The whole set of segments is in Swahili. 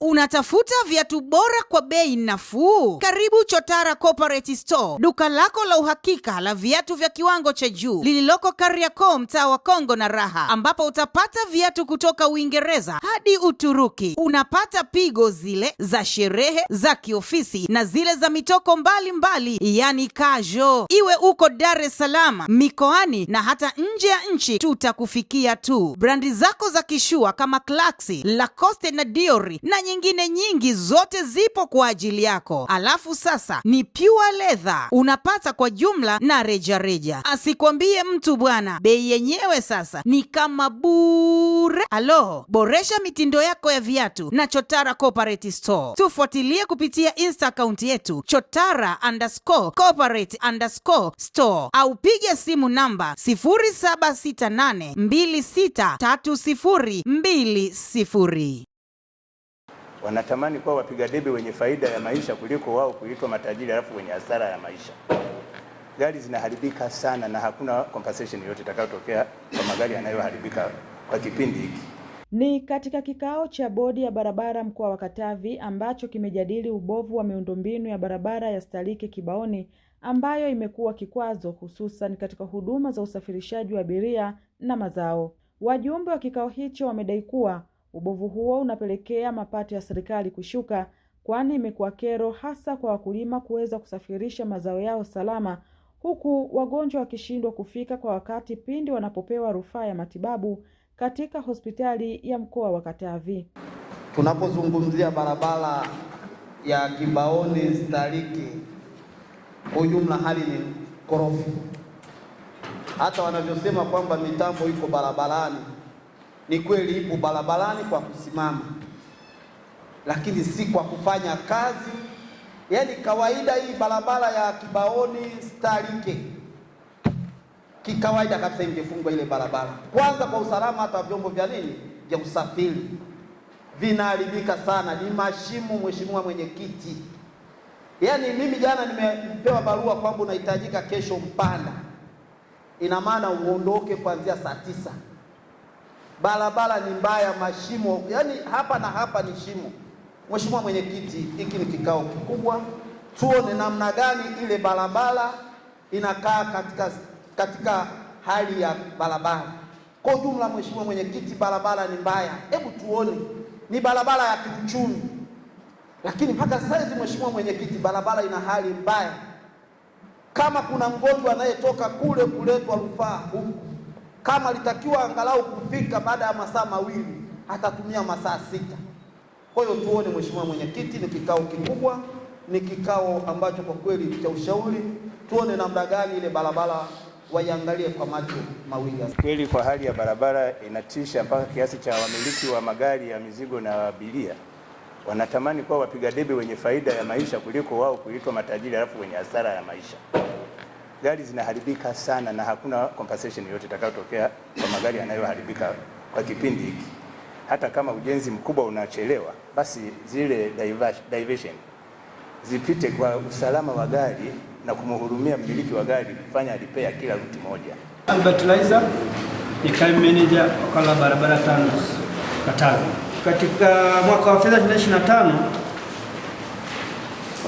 Unatafuta viatu bora kwa bei nafuu? Karibu Chotara Corporate Store, duka lako la uhakika la viatu vya kiwango cha juu lililoko Kariakoo, mtaa wa Kongo na Raha, ambapo utapata viatu kutoka Uingereza hadi Uturuki. Unapata pigo zile za sherehe, za kiofisi na zile za mitoko mbalimbali mbali, yani kajo. Iwe uko Dar es Salaam, mikoani na hata nje ya nchi, tutakufikia tu. Brandi zako za kishua kama Clarks, Lacoste na Diori na nyingine nyingi zote zipo kwa ajili yako. Alafu sasa ni pure leather unapata kwa jumla na rejareja, asikwambie mtu bwana. Bei yenyewe sasa ni kama bure. Alo, boresha mitindo yako ya viatu na Chotara Corporate Store. Tufuatilie kupitia insta akaunti yetu Chotara underscore corporate underscore store au piga simu namba 0768263020 wanatamani kuwa wapiga debe wenye faida ya maisha kuliko wao kuitwa matajiri alafu wenye hasara ya maisha. Gari zinaharibika sana na hakuna compensation yoyote itakayotokea kwa magari yanayoharibika kwa kipindi hiki. Ni katika kikao cha bodi ya barabara mkoa wa Katavi ambacho kimejadili ubovu wa miundombinu ya barabara ya Stalike Kibaoni ambayo imekuwa kikwazo hususan katika huduma za usafirishaji wa abiria na mazao. Wajumbe wa kikao hicho wamedai kuwa Ubovu huo unapelekea mapato ya serikali kushuka, kwani imekuwa kero hasa kwa wakulima kuweza kusafirisha mazao yao salama, huku wagonjwa wakishindwa kufika kwa wakati pindi wanapopewa rufaa ya matibabu katika hospitali ya mkoa wa Katavi. Tunapozungumzia barabara ya Kibaoni stariki kwa ujumla hali ni korofi, hata wanavyosema kwamba mitambo iko barabarani ni kweli ipo barabarani kwa kusimama, lakini si kwa kufanya kazi. Yaani kawaida hii barabara ya Kibaoni Starike kikawaida kabisa ingefungwa ile barabara, kwanza kwa usalama, hata vyombo vya nini vya usafiri vinaharibika sana, ni mashimo. Mheshimiwa Mwenyekiti, yaani mimi jana nimepewa barua kwamba unahitajika kesho Mpanda, ina maana uondoke kuanzia saa tisa barabara ni mbaya, mashimo yani hapa na hapa ni shimo. Mheshimiwa Mwenyekiti, hiki ni kikao kikubwa, tuone namna gani ile barabara inakaa katika, katika hali ya barabara kwa ujumla. Mheshimiwa Mwenyekiti, barabara ni mbaya, hebu tuone ni barabara ya kiuchumi, lakini mpaka sasa Mheshimiwa Mwenyekiti, barabara ina hali mbaya. Kama kuna mgonjwa anayetoka kule kuletwa rufaa huku kama alitakiwa angalau kufika baada ya masaa mawili atatumia masaa sita. Kwa hiyo tuone, mheshimiwa mwenyekiti, ni kikao kikubwa, ni kikao ambacho kwa kweli cha ushauri, tuone namna gani ile barabara waiangalie kwa macho mawili. Kweli kwa hali ya barabara inatisha mpaka kiasi cha wamiliki wa magari ya mizigo na abiria wanatamani kuwa wapiga debe wenye faida ya maisha kuliko wao kuitwa matajiri alafu wenye hasara ya maisha gari zinaharibika sana na hakuna compensation yoyote itakayotokea kwa magari yanayoharibika kwa kipindi hiki. Hata kama ujenzi mkubwa unachelewa, basi zile diversion zipite kwa usalama wa gari na kumhurumia mmiliki wa gari kufanya repair kila ruti moja. Albert Laiza ni kaimu manager wakala barabara tano Katavi. Katika mwaka wa fedha 2025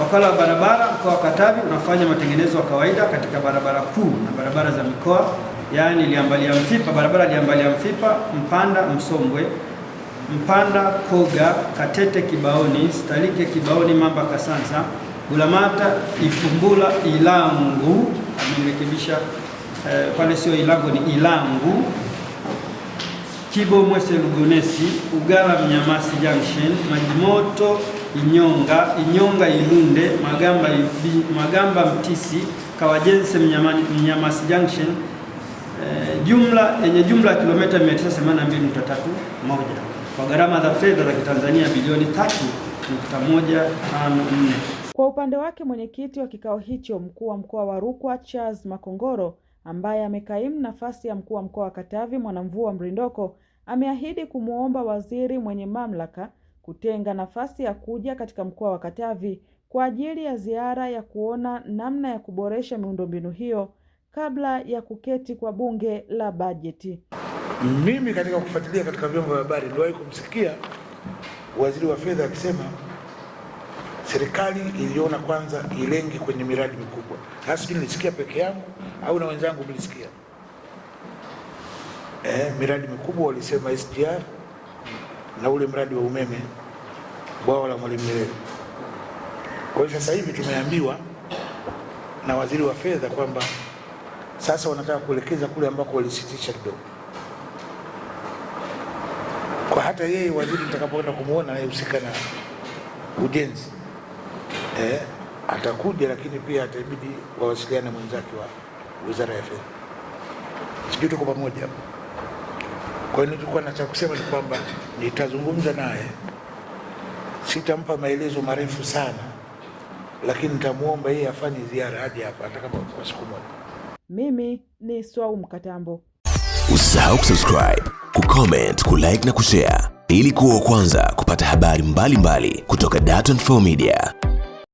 Wakala wa barabara mkoa wa Katavi unafanya matengenezo ya kawaida katika barabara kuu na barabara za mikoa, yaani Liambalia Mfipa, barabara Liambalia Mfipa, Mpanda Msongwe, Mpanda Koga, Katete Kibaoni, Stalike Kibaoni, Mamba Kasansa, Bulamata Ifumbula, Ilangu. amenirekebisha eh, pale sio Ilango ni Ilangu Kibo Mwese Lugonesi, Ugala Mnyamasi Junction, Majimoto inyonga inyonga ilunde magamba, magamba mtisi kawajense mnyamasi junction e, jumla yenye jumla ya kilomita 982.3 moja kwa gharama za fedha za kitanzania bilioni 3.154. Kwa upande wake mwenyekiti wa kikao hicho mkuu wa mkoa wa Rukwa Charles Makongoro ambaye amekaimu nafasi ya mkuu wa mkoa wa Katavi Mwanamvua Mrindoko ameahidi kumwomba waziri mwenye mamlaka kutenga nafasi ya kuja katika mkoa wa Katavi kwa ajili ya ziara ya kuona namna ya kuboresha miundombinu hiyo kabla ya kuketi kwa bunge la bajeti. Mimi katika kufuatilia katika vyombo vya habari niliwahi kumsikia waziri wa fedha akisema serikali iliona kwanza ilengi kwenye miradi mikubwa. Hasa nilisikia peke yangu au na wenzangu mlisikia? Eh, miradi mikubwa walisema SGR na ule mradi wa umeme bwawa la Mwalimu Nyerere. Kwa hiyo sasa hivi tumeambiwa na waziri wa fedha kwamba sasa wanataka kuelekeza kule ambako walisitisha kidogo. Kwa hata yeye waziri nitakapoenda kumwona anayehusika na ujenzi eh, atakuja, lakini pia atabidi wawasiliane mwenzake wa wizara ya fedha. Sijui tuko pamoja. Kwa hiyo nilikuwa nataka kusema ni kwamba nitazungumza naye, sitampa maelezo marefu sana, lakini nitamwomba yeye afanye ziara hadi hapa hata kama kwa siku moja. Mimi ni Swau Mkatambo. Usisahau kusubscribe, kucomment, kulike na kushare ili kuwa wa kwanza kupata habari mbalimbali mbali kutoka Dar24 Media.